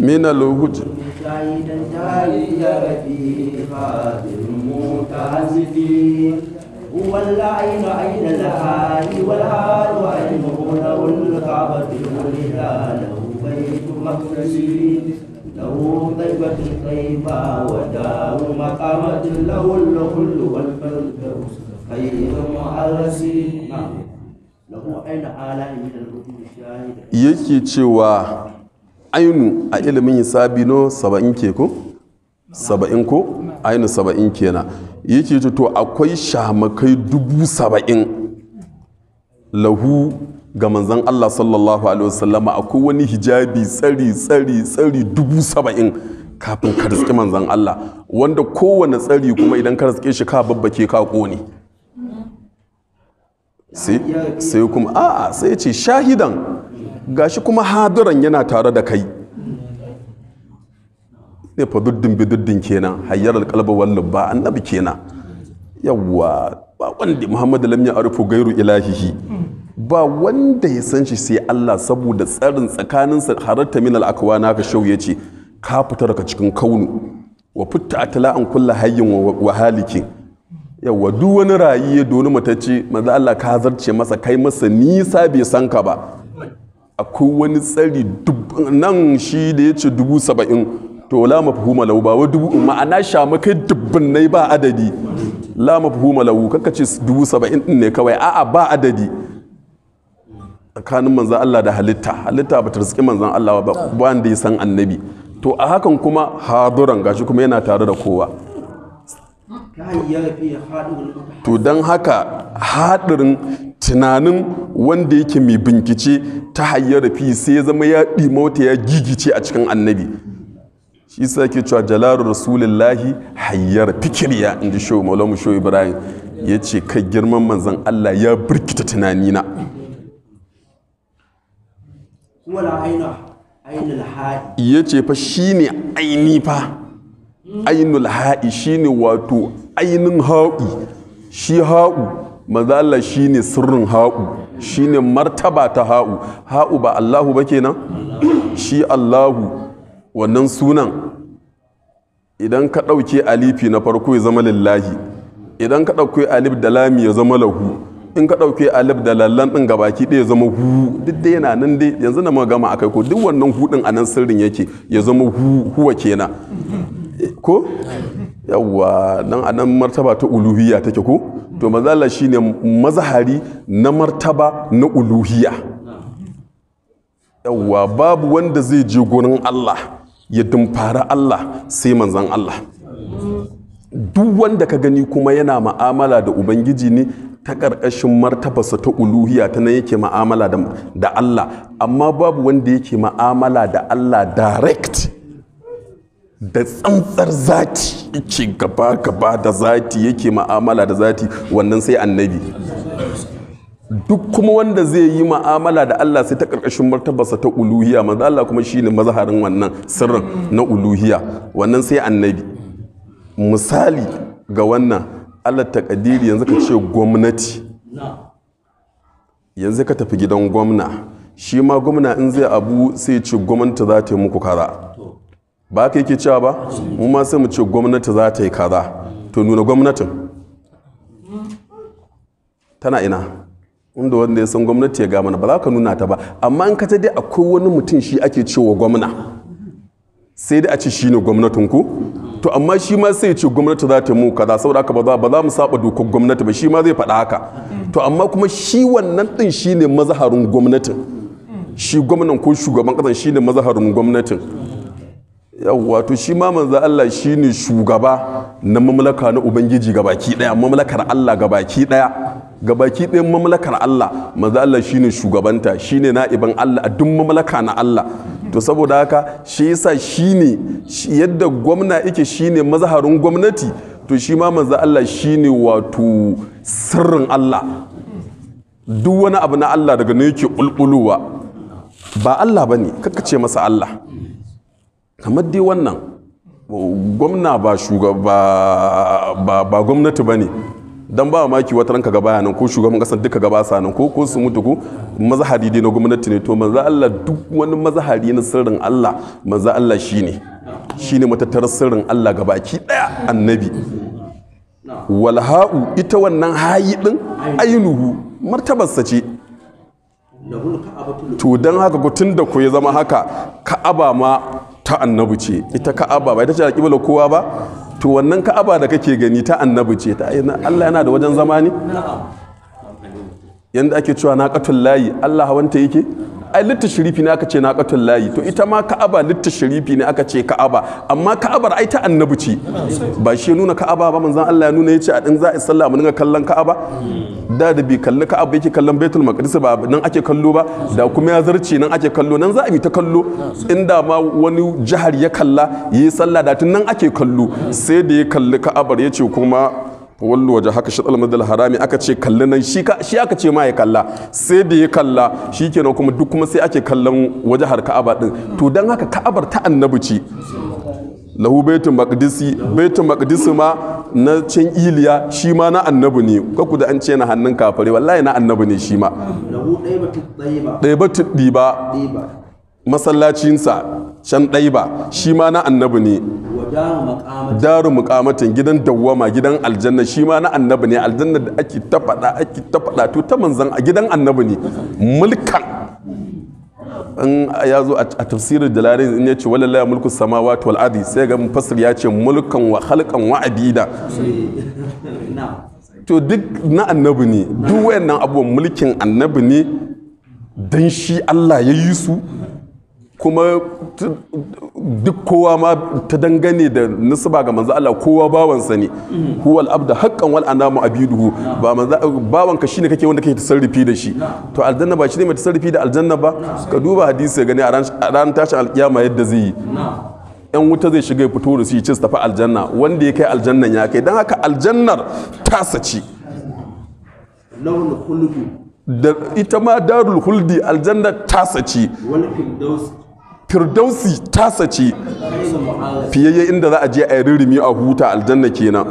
من الوجود هو العين عين الهادي والهاد له الكعبة والهلال له بيت مقدسي yake cewa الطيبة ainu a ilimin hisabi no saba'in ke ko saba'in ku? ainu saba'in kenan yake cewa to akwai shamakai dubu saba'in lahu ga manzan Allah sallallahu alaihi wasallama akwai wani hijabi tsari tsari tsari dubu saba'in kafin ka riske manzan Allah wanda kowane tsari kuma idan ka riske shi ka babbake ka kone sai kuma a sai ce shahidan gashi kuma hadiran yana tare da kai ne fa duddin bi duddin kenan hayyar alƙalba wallin ba annabi kenan yawwa ba wanda muhammadu lam ya gairu ilahihi ba wanda ya san shi sai Allah saboda tsarin tsakaninsa haratta min al'akawa na ka shau yace ce ka fita daga cikin kaunu wa fita a tala'an kulla hayyin wa halikin yawa duk wani rayiye ya doni matacce manzo Allah ka zarce masa kai masa nisa bai san ka ba akwai wani tsari nan shi da ya dubu saba'in to la mafhuma lahu ba wa dubu ma'ana shamakai dubbin nai ba adadi la mafhuma lahu kaka ce dubu saba'in din ne kawai a'a ba adadi tsakanin manzan Allah da halitta halitta ba ta riski manzan Allah ba ba da ya san annabi to a hakan kuma haduran gashi kuma yana tare da kowa to don haka haɗarin tunanin wanda yake mai bincike ta hayyar fi sai ya zama ya ɗimauta ya gigice a cikin annabi shi sa ke cewa jalalu rasulullahi hayyar fikiriya in ji shehu maulamu shehu ibrahim ya ce kai girman manzan allah ya birkita tunanina ya ce fa shine ne aini fa ainul ha'i shi wato ainin ha'u shi ha'u mazala shi ne sirrin ha'u shi ne martaba ta ha'u ha'u ba allahu ba kenan shi allahu wannan sunan idan ka ɗauke alifi na farko ya zama lillahi idan ka ɗauke alif da lami ya zama lahu in ka ɗauke alif da lallan ɗin gabaki ɗaya zama hu duk dai yana nan dai yanzu da gama akai ko duk wannan hu ɗin a nan sirrin yake ya zama hu huwa kenan ko yawwa nan a nan martaba ta uluhiyya take ko to mazala shine mazahari na martaba na uluhiya. yawwa babu wanda zai je gurin Allah ya dumfara Allah sai manzan Allah duk wanda ka gani kuma yana ma'amala da ubangiji ne ta ƙarƙashin martabarsa ta uluhiya ta nan yake ma'amala da Allah amma babu wanda yake ma'amala da Allah direct da tsantsar zati yake gaba gaba da zati yake ma'amala da zati wannan sai annabi duk kuma wanda zai yi ma'amala da Allah sai ta ƙarƙashin martabarsa ta uluhiya manzo Allah kuma shine mazaharin wannan sirrin na uluhiya wannan sai annabi misali ga wannan allah ƙadiri yanzu ka ce gwamnati yanzu ka tafi gidan gwamna shi ma gwamna in zai abu sai ce gwamnati za ta yi muku kaza ba ka yake cewa ba mu ma sai mu ce gwamnati za ta yi kaza to nuna gwamnatin tana ina inda wanda ya san gwamnati ya ga mana ba za ka nuna ta ba amma in ka ta dai akwai wani mutum shi ake cewa gwamna sai dai a ce shi ne gwamnatinku to amma shi ma sai ce gwamnati za ta mu kaza saboda haka ba za mu saba dokar gwamnati ba shi ma zai faɗa haka to amma kuma shi wannan din shine mazaharin gwamnatin shi gwamnan ko shugaban kasan shine mazaharin gwamnatin yawwa to shi ma manzo Allah shine shugaba na mamlaka na ubangiji gabaki daya mamlakar Allah gabaki daya gabaki ɗayan mamlakar Allah manzo Allah shine shugabanta shine na'iban Allah a duk mamlaka na Allah to saboda haka shi yasa shine yadda gwamna yake shine mazaharin gwamnati to shi ma manzo Allah shine wato sirrin Allah duk wani abu na Allah daga ne yake bulbulowa ba Allah bane kaka ce masa Allah kamar dai wannan gwamna ba shugaba ba gwamnati bane dan ba maki wata ranka ga bayanan ko shugaban kasar duka gaba nan ko ko su mutu ko mazahari dai na gwamnati ne to manzo Allah duk wani mazahari na sirrin Allah manzo Allah shine shine matattar sirrin Allah gabaki daya annabi walha'u ita wannan hayi din ainuhu martabarsa ce to dan haka tun da ku ya zama haka ka'aba ma ta annabi ce ita ka'aba ba ita ce da kibla kowa ba to wannan ka'aba da kake gani ta annabi ce ta Allah yana da wajen zama ne yanda ake cewa na layi Allah hawanta yake ai litta shirifi ne aka ce na katon layi to ita ma ka'aba litta shirifi ne aka ce ka'aba amma ka'abar ai ta annabi ce ba shi nuna ka'aba ba manzon Allah ya nuna yace a din za a sallah mu dinga kallon ka'aba da da bi kalli ka'aba yake kallon baitul maqdis ba nan ake kallo ba da kuma ya zarce nan ake kallo nan za a bi ta kallo inda ma wani jihar ya kalla yi sallah da tun nan ake kallo sai da ya kalli ka'abar yace kuma wallo waje haka shi tsalmadal harami aka ce kalli nan shi aka ce ma ya kalla sai da ya kalla shi kenan kuma duk kuma sai ake kallon waje har ka'aba din to don haka ka'abar ta annabi ce lahu baitul maqdisi baitul maqdisi ma na can iliya shi ma na annabi ne kaku da an ce na hannun kafare wallahi na annabi ne shi ma lahu daibatu ba. masallacinsa can ba shi ma na annabi ne daru muƙamatin gidan dawwama gidan aljanna shi ma na annabi ne aljanna da ake ta faɗa ake ta faɗa to ta manzan a gidan annabi ne mulkan in ya zo a tafsirin dalarin in ya ce walallah mulkus sama wato al'adi sai ga fasir ya ce mulkan wa halkan wa abida to duk na annabi ne duk wayannan abubuwan mulkin annabi ne dan shi Allah ya yi su kuma duk kowa ma ta dangane da nisba ga manzo Allah kowa bawansa ne huwal abda haqqan wal anamu abiduhu ba manzo shi shine kake wanda kake tasarrufi da shi to aljanna ba shine mai tasarrufi da aljanna ba ka duba hadisi gani a ran tashin alkiyama yadda zai yi yan wuta zai shiga ya fito da su yi ce su tafi aljanna wanda ya kai aljannan ya kai don haka aljannar ta saci da ita ma darul huldi aljannar ta saci firdausi tasa ce fiyayye inda za a je a ririmi a huta aljanna kenan